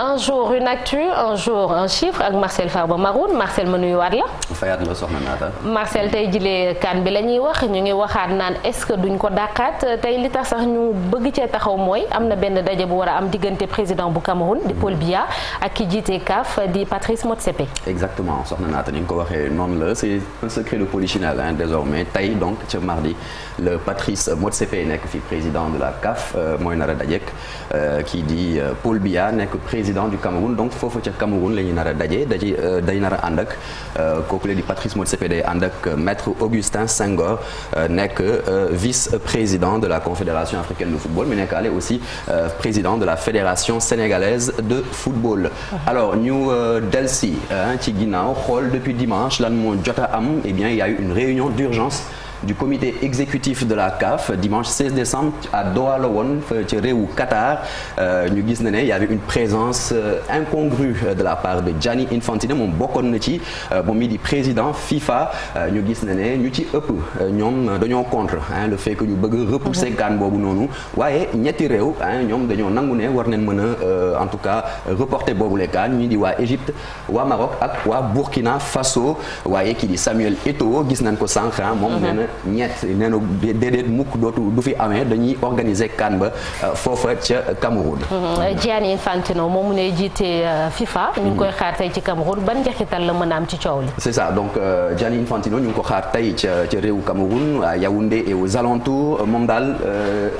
un jour une actu un jour un chiffre ak Marcel Farba Maroun Marcel ma nuyuwaat la. fayaat la soxna naata. Marcel tey jilee kan bi la ñuy wax ñu ngi waxaat naan est-ce que duñ ko dàqaat tey li tax sax ñu bëgg cee taxaw mooy am na benn daje bu war a am diggante président bu Cameroun. di Paul Biya ak ki jiite CAF di Patrice Motsepe. exactement soxna naata ni nga ko waxee noonu la c'est un secret de polichinelle hein désormais tey donc ca mardi le Patrice Motsepe nekk fi président de la CAF euh, mooy nar euh, kii di euh, Paul président du Cameroun donc foofu ca Cameroun la ñuy nar a daje daje euh, day nar a ànd ak euh, kooku la di Patrice Motsepe day ànd ak euh, maître Augustin Senghor nekk vice-président de la Confédération africaine de football mais nekk aussi président de la Fédération sénégalaise de football. alors ñu delsi ci ginnaaw xool depuis dimanche lan moo jot am eh il y a eu une réunion d'urgence du comité exécutif de la CAF dimanche 16 décembre à Doha la woon ci réewu Qatar euh, ñu gis na ne y une présence euh, incongrue euh, de la part de Gianni Infantino moom bokkoon na ci moom mi di président FIFA ñu gis na ne ñu ci ëpp ñoom dañoo contre le fait ñu bëgg repousser mhm. CAN boobu noonu waaye ñetti réew ñoom dañoo nangu ne war nañ mën a en tout cas reporter boobu le CAN ñu di waa Égypte waa Maroc ak waa Burkina Faso waaye kii di Samuel Eto'o gis nañ ko sànq moom mhm. nee ñett nee na déedéet mukk dootu du fi amee dañuy organiser kan ba euh, foofa ca Cameroun. Gianni mhm. Infantino moom mu ne jiite euh, FIFA. ñu ngi koy xaar tey ci Cameroun ban njeexital la mën a am ci coow li. c'est ça donc Gianni euh, Infantino ñu ngi ko xaar tey ca ca réewu a à Yaoundé et aux alentours moom daal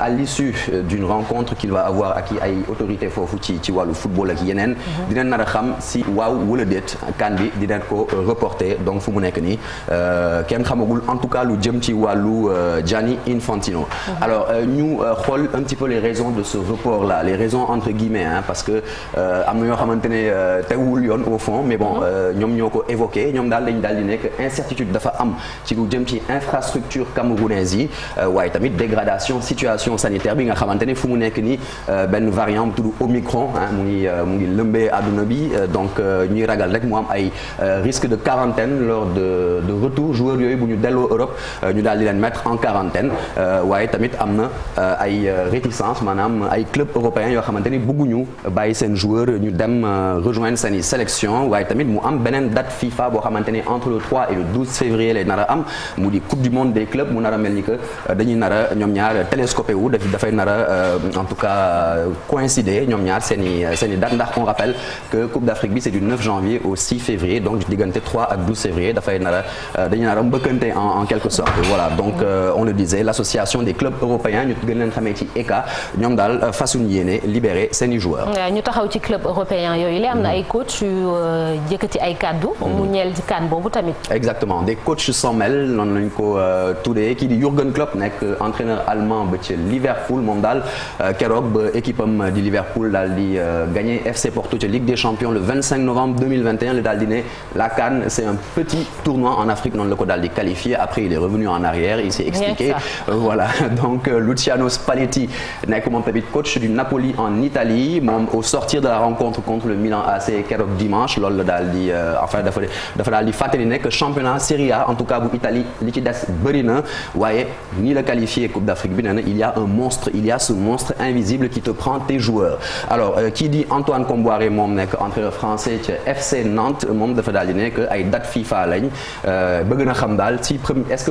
à l'issue d'une rencontre qu'il va avoir ak ay autorités foofu ci ci wàllu football ak yeneen. Mhm. dinañ nar a xam si waaw wala déet kan bi dinañ ko reporter donc fu jëm ci wàllu euh, Gianni Infantino. Mhm. alors euh, ñu euh, xool un petit peu les raisons de ce report là les raisons entre guillemets hein, parce que am na ñoo xamante ne teguwul yoon au fond mais bon mhm. ñoom ñoo ko évoqué ñoom daal dañ daal di nekk incertitude dafa am ci lu jëm ci infrastructure camerounaise yi waaye tamit dégradation situation sanitaire bi nga xamante ne fu mu nekk ni benn variant bu tudd Omicron mu ngi lembe ngi adduna bi donc ñuy ragal rek mu am ay risque de quarantaine lors de de retour joueurs yooyu bu ñu delloo Europe Euh, ñu daal di leen mettre en quarantaine euh, waaye tamit am na euh, ay réticence maanaam ay club européen yoo xamante ni bëgguñu bàyyi seen joueur ñu dem rejoindre seen i sélection waaye tamit mu am beneen date FIFA boo xamante ni entre le 3 et le 12 février lay nar am mu di coupe du monde des clubs mu nar a mel ni que dañuy nar a ñoom ñaar télescopé wu dafay nar a en tout cas coïncider ñoom ñaar seen i seen ndax on rappelle que coupe d'Afrique bi c'est du 9 janvier au 6 février donc diggante nar a dañuy nar en quelque voilà donc euh, on le disait l'association des clubs européens ñu gën leen xamee ci ECA ñoom euh, ñu taxaw ci club européen yooyu li am na mhm. ay coach euh, kaddu. Mhm. mu ñeel boobu tamit. exactement des coachs s'en mêlent noonu lañ ko tuddee kii di Jürgen Klopp nekk entraîneur allemand ba ci Liverpool moom daal keroog ba daal di gagné FC daal di ne la CAN c'est un petit tournoi en an en arrière, il s'est expliqué. Euh, voilà, donc euh, Luciano Spalletti nekk moom coach du Napoli en Italie au sortir de la rencontre contre le Milan AC keroog dimanche loolu la daal di euh, enfin championnat Serie A en tout cas bu ni la qualifié Coupe d'Afrique bi il y a un monstre a invisible qui te prend tes joueurs euh, qui dit Antoine Comboiré moom nekk français ca FC Nantes moom dafa daal di nekk ay date FIFA lañ bëgg na est-ce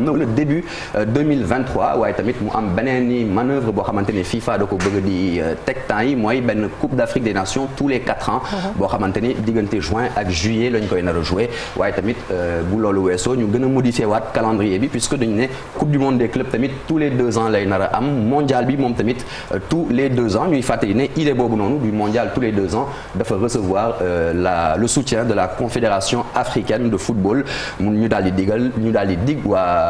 xam ne le début 2023 euh, waaye tamit mu am beneen ni manœuvre boo xamante ni FIFA da ko bëgg di euh, teg temps yi mooy benn Coupe d'Afrique des Nations tous les quatre ans mm-hmm. boo xamante ni diggante juin ak juillet lañ koy nar a jouer waaye tamit euh, bu loolu weesoo ñu gën a modifier waat calendrier bi puisque dañu ne Coupe du monde des clubs tamit tous les deux ans lay nar a am mondial bi moom tamit tous les deux ans ñuy fàttali ne idée boobu noonu du mondial tous les deux ans dafa recevoir la le soutien de la Confédération africaine de football mun ñu daal di digal ñu daal di dig waa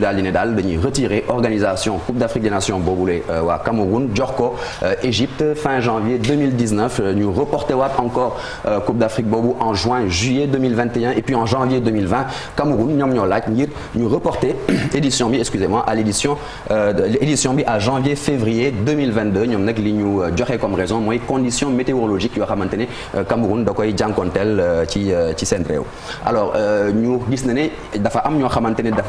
ñu daal di ne daal dañuy retirer organisation Coupe d'Afrique des Nations boobule euh, waa Cameroun jox ko euh, Égypte fin janvier 2019 euh, ñu reporté waat encore Coupe d'Afrique boobu en juin juillet 2021 et puis en janvier 2020 Cameroun yoo xamante ne Cameroun da koy jànkonteel ci ci seen réew alors ñu gis na ne dafa am ñoo xamante ne daf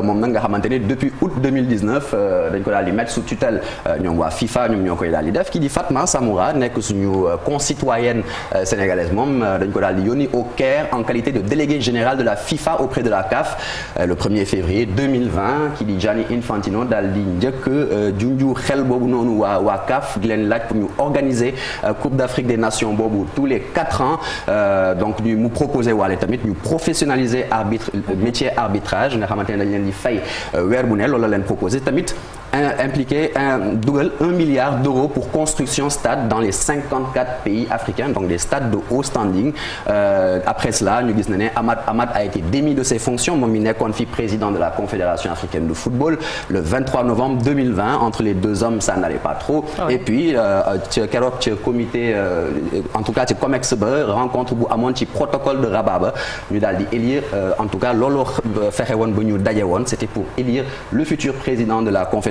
moom nag nga xamante ne depuis août 2019 euh, dañ ko daal di mettre sous tutelle euh, ñoom waa FIFA ñoom ñoo koy daal di def ki di Fatma Samoura nekk suñu euh, concitoyenne sénégalaise moom dañ ko daal di en qualité de délégué général de la FIFA auprès de la CAF le 1er février 2020 ki di Infantino daal di njëkk junju xel boobu noonu waa waa pour ñu organiser Coupe d'Afrique des Nations boobu tous les quatre ans donc ñu mu proposer waale tamit ñu di fay euh, weer bu ne loola leen proposé tamit impliqué un dugal un milliard d'euros pour construction stade dans les 54 pays africains donc des stades de haut standing euh, après cela ñu gis na ne Amad Amad a été démis de ses mi nekkoon fi président de la Confédération africaine de football le 23 novembre 2020 entre les deux hommes ça n'allait ci ah euh, keroog ci comité euh, en tout cas ci COMEX ba rencontre bu euh, tout cas looloo fexe woon ba ñu daje woon c'était pour élire le futur président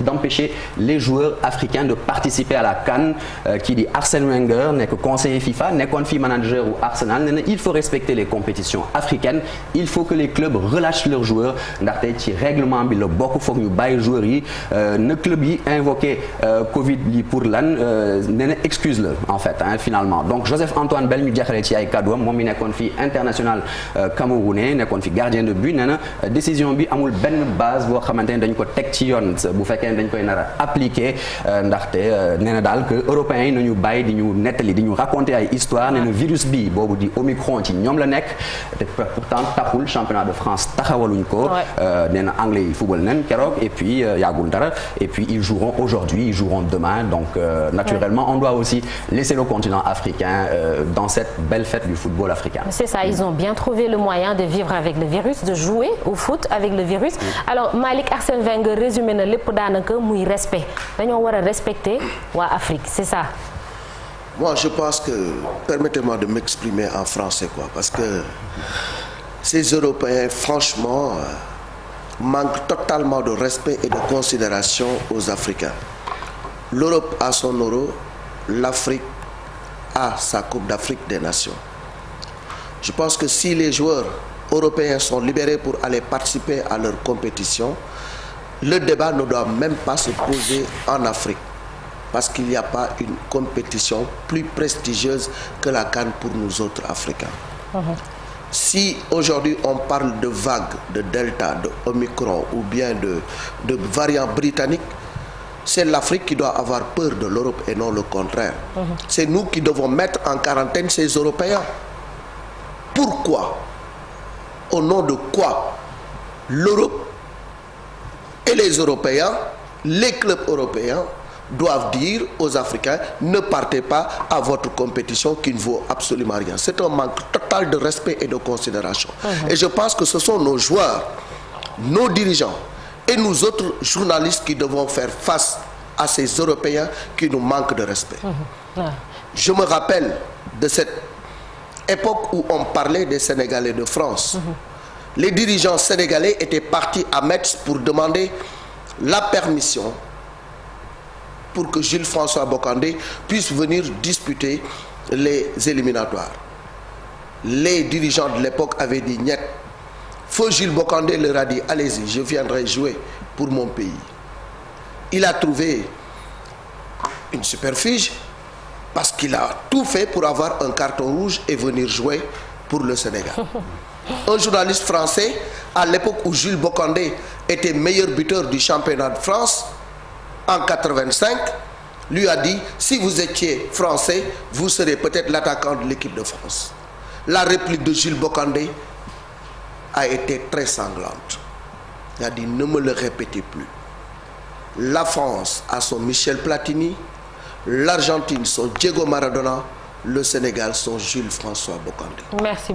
d'empêcher les joueurs africains de participer à la CAN kii euh, di Arsène Wenger nekk conseiller FIFA nekkoon fi Arsenal nee na il faut respecter les compétitions africaines il faut que les clubs relâchent leurs joueurs ndaxte ci règlement bi la bokk foog ñu bàyyi joueurs yi euh, euh, ne excuse la en fait hein, finalement donc Joseph Antoine Bell ñu jeexalee ci ay kàdduwam moom mi fi international camerounais nekkoon fi gardien de but nee na décision bi amul benn fekkee ne dañ koy nar a appliquer euh, ndaxte euh, nee na daal que européens yi nañu bàyyi di ñu nettali di ñu raconter ay histoire nee na virus bi boobu di Omicron nekk pourtant taxul championnat de France taxawaluñ ko euh, anglais football nen keroog et puis yàggul et puis ils joueront aujourd'hui ils joueront demain naturellement on doit aussi laisser le continent africain dans cette belle fête du football africain. C'est ça, ils le moyen de vivre avec le de jouer au foot avec daanaka muy respect dañoo war a respecter waa Afrique c'est ça. je pense que permettez-moi de m'exprimer en français quoi parce que ces Européens franchement euh, manquent totalement de respect et de considération aux Africains. L'Europe a son euro, l'Afrique a sa Coupe d'Afrique des Nations. Je pense que si les joueurs européens sont libérés pour aller participer à leur compétition, le débat ne doit même pas se poser en Afrique parce qu'il n'y a pas une compétition plus prestigieuse que la CAN pour nous autres Africains. Uh -huh. Si aujourd'hui on parle de vagues, de delta, de omicron ou bien de, de variants britanniques, c'est l'Afrique qui doit avoir peur de l'Europe et non le contraire. Uh -huh. C'est nous qui devons mettre en quarantaine ces Européens. Pourquoi Au nom de quoi L'Europe les Européens, les clubs européens doivent dire aux Africains ne partez pas à votre compétition qui ne vaut absolument rien. C'est un manque total de respect et de considération. Mmh. Et je pense que ce sont nos joueurs, nos dirigeants et nous autres journalistes qui devons faire face à ces Européens qui nous manquent de respect. Mmh. Mmh. Je me rappelle de cette époque où on parlait des Sénégalais de France. Uh-huh. les dirigeants sénégalais étaient partis à Metz pour demander la permission pour que Jules François Bocandé puisse venir disputer les éliminatoires. Les dirigeants de l'époque avaient dit niet. Feu Jules Bocandé leur a dit allez-y, je viendrai jouer pour mon pays. Il a trouvé une superficie parce qu'il a tout fait pour avoir un carton rouge et venir jouer pour le Sénégal. un journaliste français à l'époque où Jules Bocandé était meilleur buteur du championnat de en 85 lui a dit si vous étiez français vous peut-être l'attaquant de l'équipe de France la réplique de Jules Bocandé a été très la France a son Michel Platini l'Argentine le Sénégal sont Jules François Bocandé. merci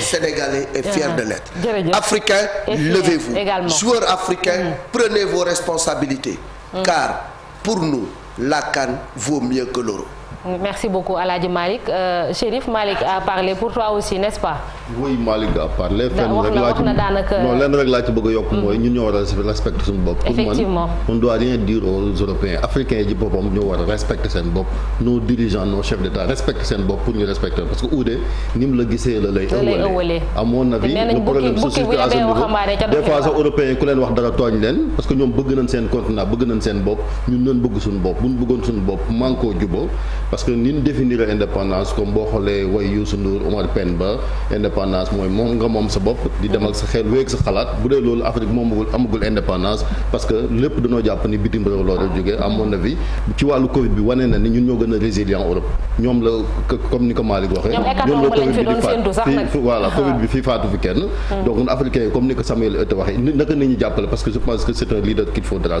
Sénégalais est fier de l'être. Euh, jërëjëf Africains levez-vous. également joueurs africains mm. prenez vos responsabilités. Mm. car pour nous la CAN vaut mieux que l'euro Merci beaucoup Aladji Malick euh, Chérif Malick a parlé pour toi aussi n'est-ce pas. oui Malick a parlé. fenn rek laa ci non lenn rek laa ci bëgg a yokk mooy mm. ñun ñoo war a respecter suñu bopp. effectivement pour man on doit rien dire aux Européens africains ji boppam ñoo war a respecter seen bopp nos dirigeants nos chefs d'État respecter seen bopp pour ñu respecter parce que uude ni mu la gisee la lay. ëwalee à mon avis le problème société à ce niveau des fois sax européens ku leen wax dara tooñ leen parce que ñoom bëgg nañ seen continent bëgg nañ seen bopp ñun ñoo bëgg suñu bopp bu ñu bëggoon suñu bopp manko juboo parce que ni ñu définir indépendance comme boo xoolee way Youssou Ndour Omar Pène ba indépendance mooy moom nga moom sa bopp di dem ak sa xel wéeg sa xalaat bu dee loolu Afrique moom amagul indépendance parce que lépp dañoo jàpp ni bitim réew loolu jógee à mon avis ci wàllu Covid bi wane na ni ñun ñoo gën a résilient Europe ñoom la comme ni ko Malick waxee ñoom la Covid bi di faat voilà ah. Covid bi hmm. ni ko Samuel Eto'o parce que je pense que c'est un leader qu'il faudra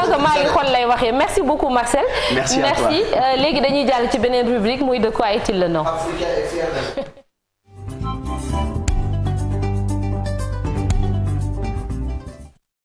que maa ngi xol lay waxee merci beaucoup Marcel. merci euh, léegi dañuy jàll ci beneen rubrique muy de quoi est-il le nom.